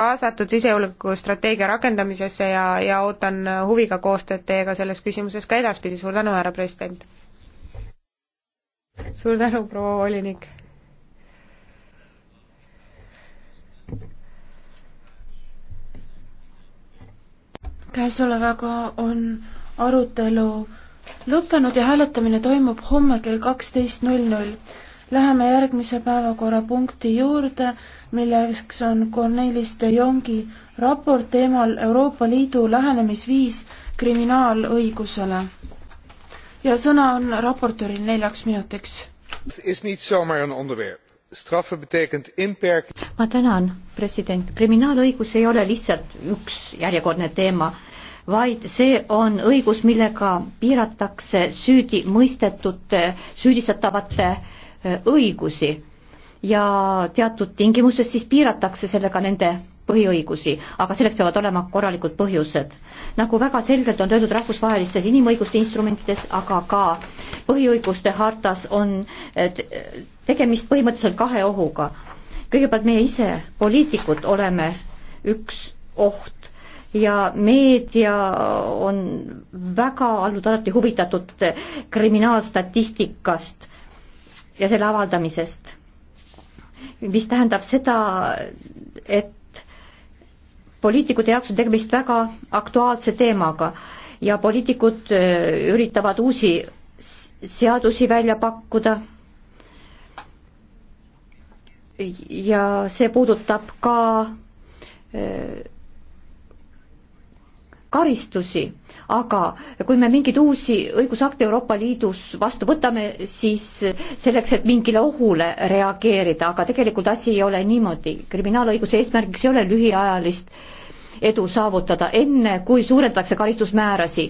kaasatud sisejulgeolekustrateegia rakendamisesse ja, ja ootan huviga koostööd teiega selles küsimuses ka edaspidi, suur tänu, härra president! suur tänu, proua volinik! käesolevaga on arutelu lõppenud ja hääletamine toimub homme kell kaksteist null null. Läheme järgmise päevakorrapunkti juurde milleks on Cornelis de Jongi raport teemal Euroopa Liidu lähenemisviis kriminaalõigusele. ja sõna on raportööril neljaks minutiks. ma tänan, president. kriminaalõigus ei ole lihtsalt üks järjekordne teema, vaid see on õigus, millega piiratakse süüdi mõistetute, süüdistatavate äh, õigusi ja teatud tingimustes siis piiratakse sellega nende põhiõigusi, aga selleks peavad olema korralikud põhjused. nagu väga selgelt on öeldud rahvusvahelistes inimõiguste instrumentides, aga ka põhiõiguste hartas on eh, tegemist põhimõtteliselt kahe ohuga. kõigepealt meie ise, poliitikud, oleme üks oht ja meedia on väga olnud alati huvitatud kriminaalstatistikast ja selle avaldamisest mis tähendab seda, et poliitikute jaoks on tegemist väga aktuaalse teemaga ja poliitikud äh, üritavad uusi seadusi välja pakkuda. ja see puudutab ka äh, karistusi, aga kui me mingeid uusi õigusakte Euroopa Liidus vastu võtame, siis selleks, et mingile ohule reageerida, aga tegelikult asi ei ole niimoodi. kriminaalõiguse eesmärgiks ei ole lühiajalist edu saavutada, enne kui suurendatakse karistusmäärasi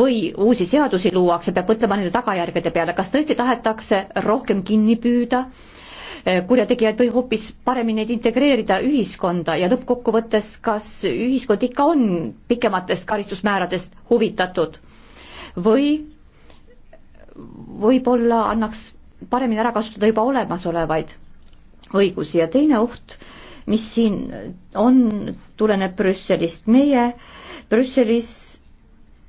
või uusi seadusi luuakse, peab mõtlema nende tagajärgede peale, kas tõesti tahetakse rohkem kinni püüda äh, Eh, kurjategijaid või hoopis paremini neid integreerida ühiskonda ja lõppkokkuvõttes, kas ühiskond ikka on pikematest karistusmääradest huvitatud või võib-olla annaks paremini ära kasutada juba olemasolevaid õigusi ja teine oht, mis siin on, tuleneb Brüsselist. meie Brüsselis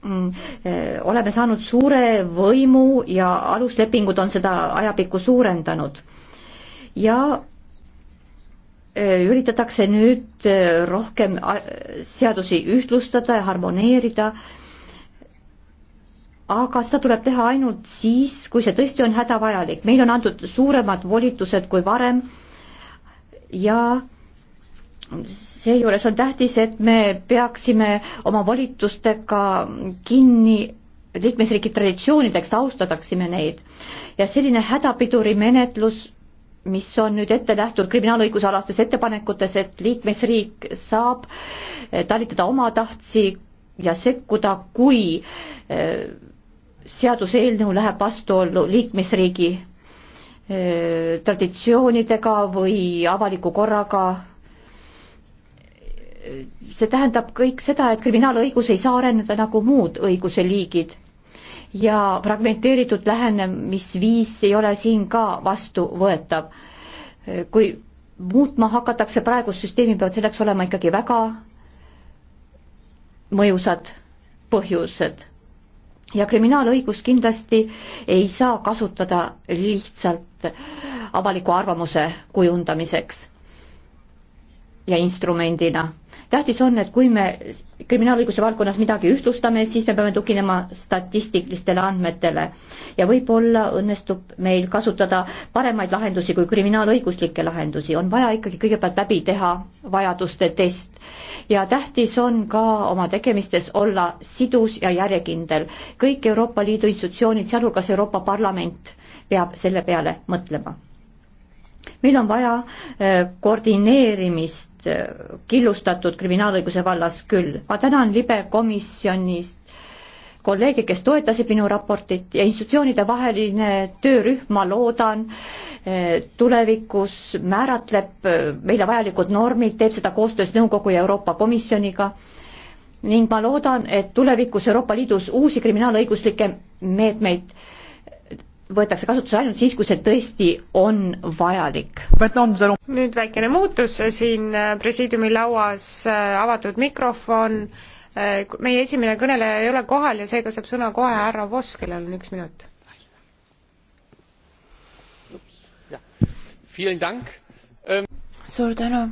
mm, eh, oleme saanud suure võimu ja aluslepingud on seda ajapikku suurendanud ja e, üritatakse nüüd e, rohkem seadusi ühtlustada ja harmoneerida, aga seda tuleb teha ainult siis, kui see tõesti on hädavajalik. meil on antud suuremad volitused kui varem ja seejuures on tähtis, et me peaksime oma volitustega kinni liikmesriigi traditsioonideks, austadaksime neid. ja selline hädapidurimenetlus mis on nüüd ette nähtud kriminaalõigusalastes ettepanekutes, et liikmesriik saab eh, talitada omatahtsi ja sekkuda, kui eh, seaduseelnõu läheb vastuollu liikmesriigi eh, traditsioonidega või avaliku korraga. see tähendab kõik seda, et kriminaalõigus ei saa areneda nagu muud õiguse liigid ja fragmenteeritud lähenemisviis ei ole siin ka vastuvõetav. kui muutma hakatakse praegust süsteemi, peavad selleks olema ikkagi väga mõjusad põhjused. ja kriminaalõigus kindlasti ei saa kasutada lihtsalt avaliku arvamuse kujundamiseks ja instrumendina tähtis on, et kui me kriminaalõiguse valdkonnas midagi ühtlustame, siis me peame tuginema statistilistele andmetele ja võib-olla õnnestub meil kasutada paremaid lahendusi kui kriminaalõiguslikke lahendusi, on vaja ikkagi kõigepealt läbi teha vajaduste test. ja tähtis on ka oma tegemistes olla sidus ja järjekindel. kõik Euroopa Liidu institutsioonid, sealhulgas Euroopa Parlament, peab selle peale mõtlema meil on vaja äh, koordineerimist äh, killustatud kriminaalõiguse vallas küll. ma tänan libe komisjonist kolleege, kes toetasid minu raportit ja institutsioonide vaheline töörühm, ma loodan, äh, tulevikus määratleb meile vajalikud normid, teeb seda koostöös Nõukogu ja Euroopa Komisjoniga ning ma loodan, et tulevikus Euroopa Liidus uusi kriminaalõiguslikke meetmeid võetakse kasutusele ainult siis, kui see tõesti on vajalik. nüüd väikene muutus siin äh, presiidiumi lauas, äh, avatud mikrofon, äh, meie esimene kõneleja ei ole kohal ja seega saab sõna kohe härra Voss, kellel on üks minut. Ähm, suur tänu.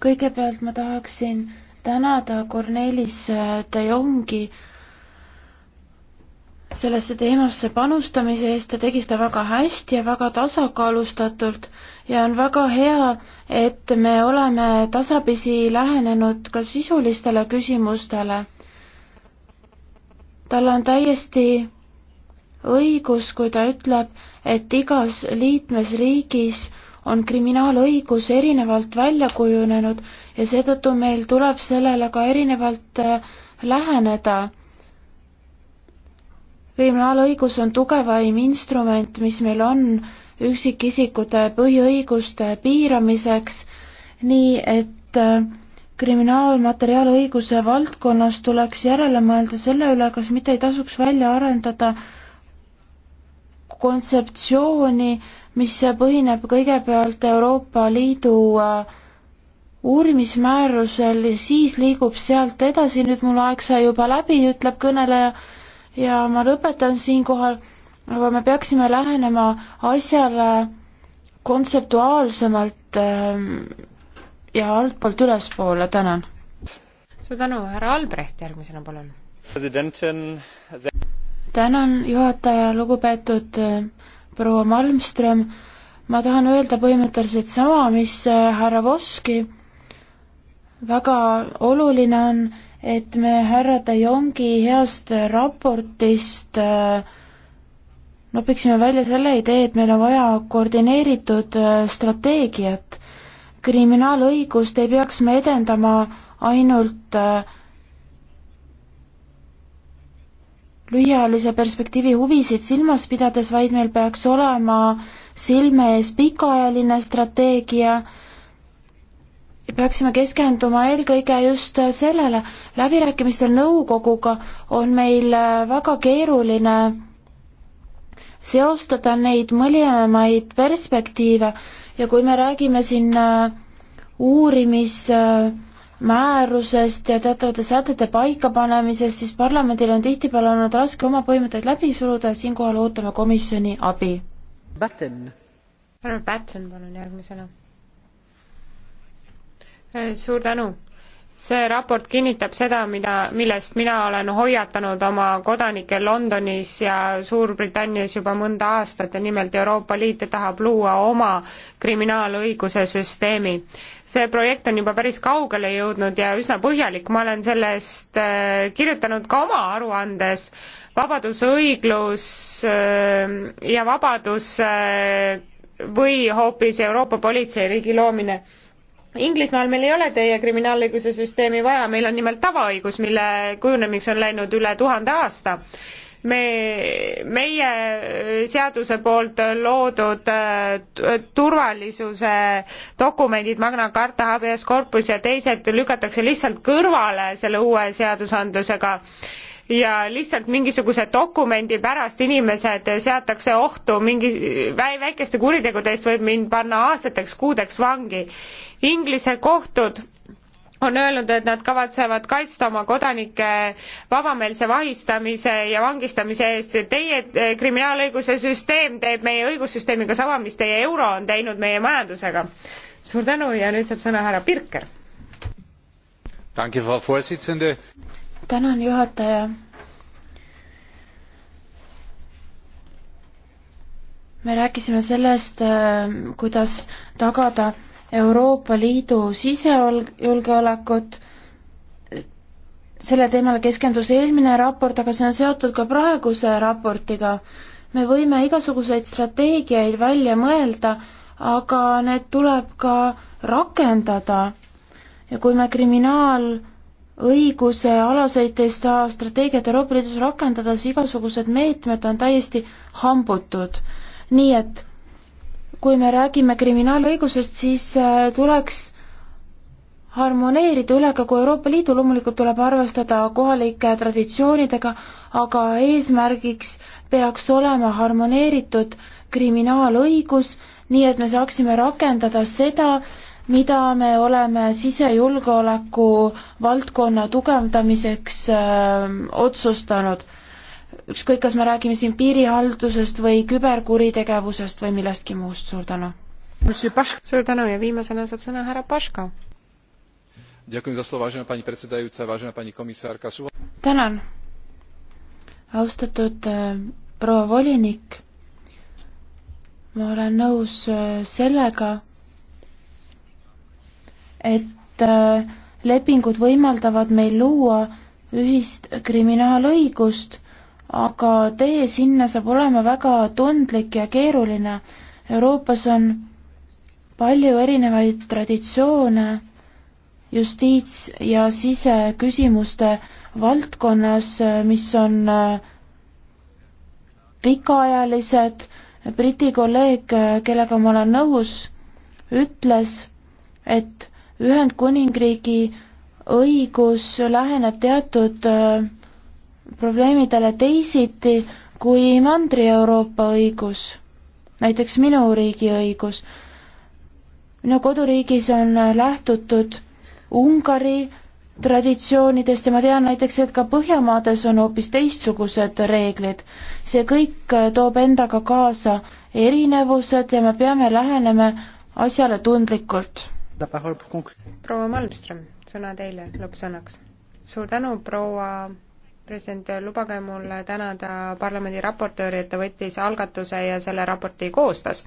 kõigepealt ma tahaksin tänada Cornelis de Jongi äh, sellesse teemasse panustamise eest, ta tegi seda väga hästi ja väga tasakaalustatult ja on väga hea, et me oleme tasapisi lähenenud ka sisulistele küsimustele. tal on täiesti õigus, kui ta ütleb, et igas liikmesriigis on kriminaalõigus erinevalt välja kujunenud ja seetõttu meil tuleb sellele ka erinevalt äh, läheneda kriminaalõigus on tugevaim instrument, mis meil on üksikisikute põhiõiguste piiramiseks, nii et äh, kriminaalmateriaalõiguse valdkonnas tuleks järele mõelda selle üle, kas mitte ei tasuks välja arendada kontseptsiooni, mis põhineb kõigepealt Euroopa Liidu äh, uurimismäärusel ja siis liigub sealt edasi, nüüd mul aeg sai juba läbi, ütleb kõneleja ja ma lõpetan siinkohal, aga me peaksime lähenema asjale kontseptuaalsemalt ähm, ja altpoolt ülespoole, tänan. suur tänu, härra Albrecht, järgmisena palun. tänan, juhataja, lugupeetud äh, proua Malmström, ma tahan öelda põhimõtteliselt sama, mis äh, härra Voski, väga oluline on, et me härra De Jongi heast raportist äh, nopiksime välja selle idee, et meil on vaja koordineeritud äh, strateegiat. kriminaalõigust ei peaks me edendama ainult äh, lühiajalise perspektiivi huvisid silmas pidades, vaid meil peaks olema silme ees pikaajaline strateegia, peaksime keskenduma eelkõige just sellele, läbirääkimistel nõukoguga on meil äh, väga keeruline seostada neid mõlemaid perspektiive ja kui me räägime siin äh, uurimismäärusest ja teatavate sätete paikapanemisest, siis parlamendil on tihtipeale olnud raske oma põhimõtteid läbi suruda ja siinkohal ootame komisjoni abi. härra Patten, palun järgmisena suur tänu! see raport kinnitab seda, mida, millest mina olen hoiatanud oma kodanikel Londonis ja Suurbritannias juba mõnda aastat ja nimelt Euroopa Liit tahab luua oma kriminaalõiguse süsteemi. see projekt on juba päris kaugele jõudnud ja üsna põhjalik, ma olen sellest äh, kirjutanud ka oma aruandes, vabadus, õiglus äh, ja vabadus äh, või hoopis Euroopa politseiriigi loomine Inglismaal meil ei ole teie kriminaalõiguse süsteemi vaja, meil on nimelt tavaõigus, mille kujunemiseks on läinud üle tuhande aasta. me, meie seaduse poolt loodud äh, turvalisuse dokumendid, Magna Carta, habeas corpus ja teised lükatakse lihtsalt kõrvale selle uue seadusandlusega ja lihtsalt mingisuguse dokumendi pärast inimesed seatakse ohtu mingi väikeste kuritegude eest võib mind panna aastateks kuudeks vangi. Inglise kohtud on öelnud, et nad kavatsevad kaitsta oma kodanike vabameelse vahistamise ja vangistamise eest. Teie eh, kriminaalõiguse süsteem teeb meie õigussüsteemiga sama, mis teie euro on teinud meie majandusega. suur tänu ja nüüd saab sõna härra Pirker tänan, juhataja. me rääkisime sellest, äh, kuidas tagada Euroopa Liidu sisejulgeolekut. selle teemale keskendus eelmine raport, aga see on seotud ka praeguse raportiga. me võime igasuguseid strateegiaid välja mõelda, aga need tuleb ka rakendada. ja kui me kriminaal- õigusealaseid seda strateegiat Euroopa Liidus rakendada, siis igasugused meetmed on täiesti hambutud. nii et kui me räägime kriminaalõigusest, siis äh, tuleks harmoneerida üle ka kui Euroopa Liidu, loomulikult tuleb arvestada kohalike traditsioonidega, aga eesmärgiks peaks olema harmoneeritud kriminaalõigus, nii et me saaksime rakendada seda, mida me oleme sisejulgeoleku valdkonna tugevdamiseks öö, äh, otsustanud. ükskõik, kas me räägime siin piirihaldusest või küberkuritegevusest või millestki muust, suur tänu. suur tänu ja viimasena saab sõna härra Paška. tänan, austatud äh, proua volinik. ma olen nõus äh, sellega et äh, lepingud võimaldavad meil luua ühist kriminaalõigust, aga tee sinna saab olema väga tundlik ja keeruline. Euroopas on palju erinevaid traditsioone justiits- ja siseküsimuste valdkonnas, mis on äh, pikaajalised, Briti kolleeg, äh, kellega ma olen nõus, ütles, et Ühendkuningriigi õigus läheneb teatud äh, probleemidele teisiti kui Mandri-Euroopa õigus, näiteks minu riigi õigus. minu koduriigis on äh, lähtutud Ungari traditsioonidest ja ma tean näiteks, et ka Põhjamaades on hoopis teistsugused reeglid. see kõik äh, toob endaga kaasa erinevused ja me peame lähenema asjale tundlikult proua Malmström, sõna teile lõppsõnaks. suur tänu, proua president, lubage mul tänada parlamendi raportööri, et ta võttis algatuse ja selle raporti koostas.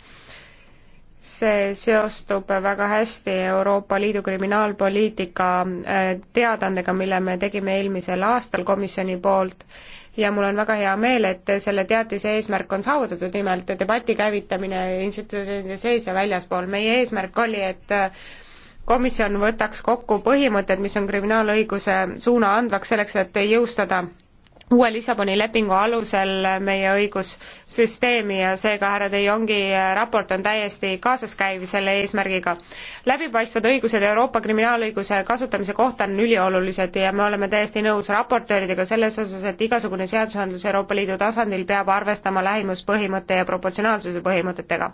see seostub väga hästi Euroopa Liidu kriminaalpoliitika äh, teadandega, mille me tegime eelmisel aastal komisjoni poolt ja mul on väga hea meel, et selle teatise eesmärk on saavutatud, nimelt debati käivitamine institutsioonide sees ja väljaspool. meie eesmärk oli, et komisjon võtaks kokku põhimõtted, mis on kriminaalõiguse suuna andvaks selleks, et jõustada uue Lissaboni lepingu alusel meie õigussüsteemi ja seega härra De Jongi raport on täiesti kaasaskäiv selle eesmärgiga. läbipaistvad õigused Euroopa kriminaalõiguse kasutamise kohta on üliolulised ja me oleme täiesti nõus raportööridega selles osas, et igasugune seadusandlus Euroopa Liidu tasandil peab arvestama lähimuspõhimõtte ja proportsionaalsuse põhimõtetega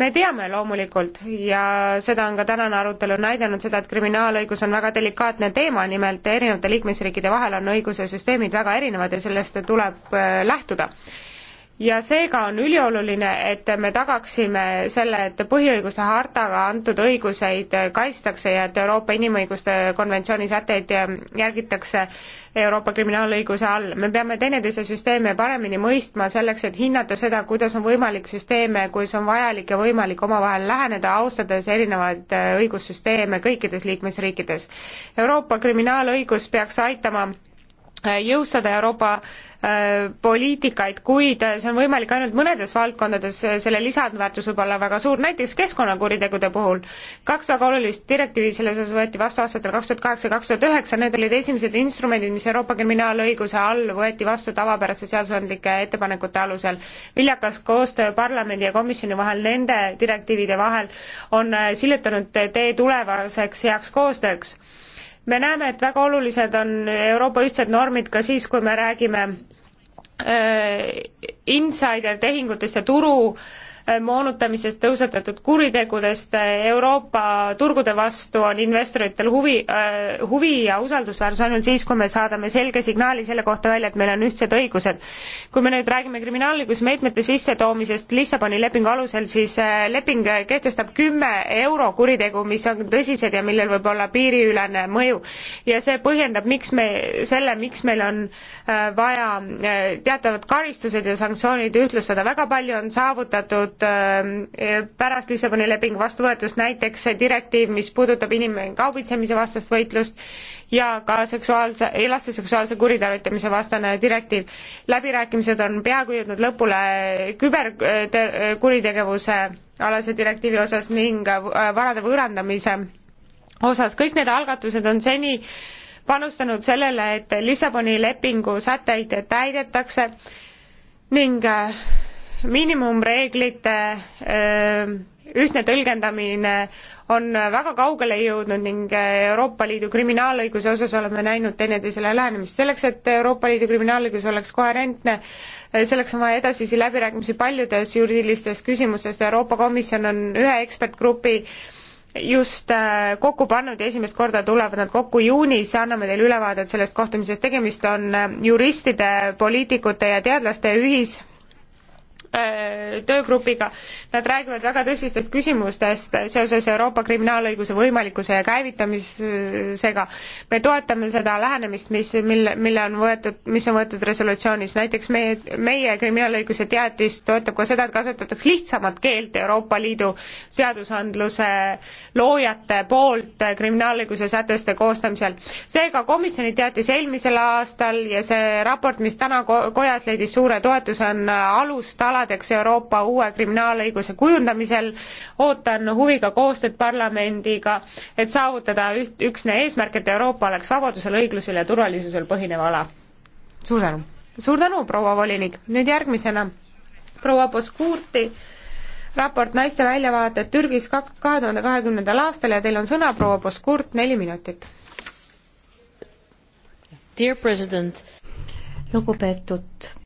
me teame loomulikult ja seda on ka tänane arutelu näidanud, seda, et kriminaalõigus on väga delikaatne teema, nimelt erinevate liikmesriikide vahel on õiguse süsteemid väga erinevad ja sellest tuleb äh, lähtuda ja seega on ülioluline, et me tagaksime selle, et põhiõiguste hartaga antud õiguseid kaitstakse ja et Euroopa Inimõiguste Konventsiooni sätteid järgitakse Euroopa kriminaalõiguse all. me peame teineteise süsteeme paremini mõistma selleks, et hinnata seda, kuidas on võimalik süsteeme, kus on vajalik ja võimalik omavahel läheneda, austades erinevaid äh, õigussüsteeme kõikides liikmesriikides. Euroopa kriminaalõigus peaks aitama Äh, jõustada Euroopa äh, poliitikaid, kuid äh, see on võimalik ainult mõnedes valdkondades, selle lisandväärtus võib olla väga suur, näiteks keskkonnakuritegude puhul. kaks väga olulist direktiivi selles osas võeti vastu aastatel kaks tuhat kaheksa, kaks tuhat üheksa, need olid esimesed instrumendid, mis Euroopa kriminaalõiguse all võeti vastu tavapäraste seadusandlike ettepanekute alusel. viljakas koostöö parlamendi ja komisjoni vahel, nende direktiivide vahel on sillutanud tee tulevaseks heaks koostööks me näeme, et väga olulised on Euroopa ühtsed normid ka siis, kui me räägime äh, insider tehingutest ja turu äh, Äh, moonutamisest, tõusetatud kuritegudest Euroopa turgude vastu on investoritel huvi, äh, huvi ja usaldusväärsus ainult siis, kui me saadame selge signaali selle kohta välja, et meil on ühtsed õigused. kui me nüüd räägime kriminaalõigusmeetmete sissetoomisest Lissaboni lepingu alusel, siis äh, leping kehtestab kümme euro kuritegu, mis on tõsised ja millel võib olla piiriülene mõju. ja see põhjendab, miks me, selle, miks meil on vaja teatavad karistused ja sanktsioonid ühtlustada, väga palju on saavutatud ettepanekud äh, eh, pärast Lissaboni lepingu vastuvõetust, näiteks see direktiiv, mis puudutab inimkaubitsemise vastast võitlust ja ka seksuaalse, laste seksuaalse kuritarvitamise vastane direktiiv. läbirääkimised on peaaegu jõudnud lõpule küberkuritegevuse äh, äh, alase direktiivi osas ning varade võõrandamise osas, kõik need algatused on seni panustanud sellele, et Lissaboni lepingu sätteid täidetakse ning miinimumreeglite ühtne tõlgendamine on väga kaugele jõudnud ning Euroopa Liidu kriminaalõiguse osas oleme näinud teineteisele lähenemist. selleks, et Euroopa Liidu kriminaalõigus oleks koherentne, selleks on vaja edasisi läbirääkimisi paljudes juriidilistes küsimustes, Euroopa Komisjon on ühe ekspertgrupi just kokku pannud ja esimest korda tulevad nad kokku juunis, anname teile ülevaadet sellest kohtumisest, tegemist on juristide, poliitikute ja teadlaste ühis Äh, töögrupiga. Nad räägivad väga tõsistest küsimustest seoses Euroopa kriminaalõiguse võimalikkuse ja käivitamisega. me toetame seda lähenemist, mis, mille, mille on võetud, mis on võetud resolutsioonis, näiteks meie, meie kriminaalõiguse teatis toetab ka seda, et kasutatakse lihtsamat keelt Euroopa Liidu seadusandluse loojate poolt kriminaalõiguse säteste koostamisel. seega komisjoni teatis eelmisel aastal ja see raport, mis täna ko-, kojas leidis suure toetuse, on alustala vaadjaks Euroopa uue kriminaalõiguse kujundamisel. ootan huviga koostööd parlamendiga, et saavutada üht, üksne eesmärk, et Euroopa oleks vabadusel, õiglusel ja turvalisusel põhinev ala. suur tänu! suur tänu, proua volinik! nüüd järgmisena proua Poskuurti raport naiste väljavaated Türgis kahe tuhande kahekümnendal aastal ja teil on sõna, proua Poskurt, neli minutit. lugupeetud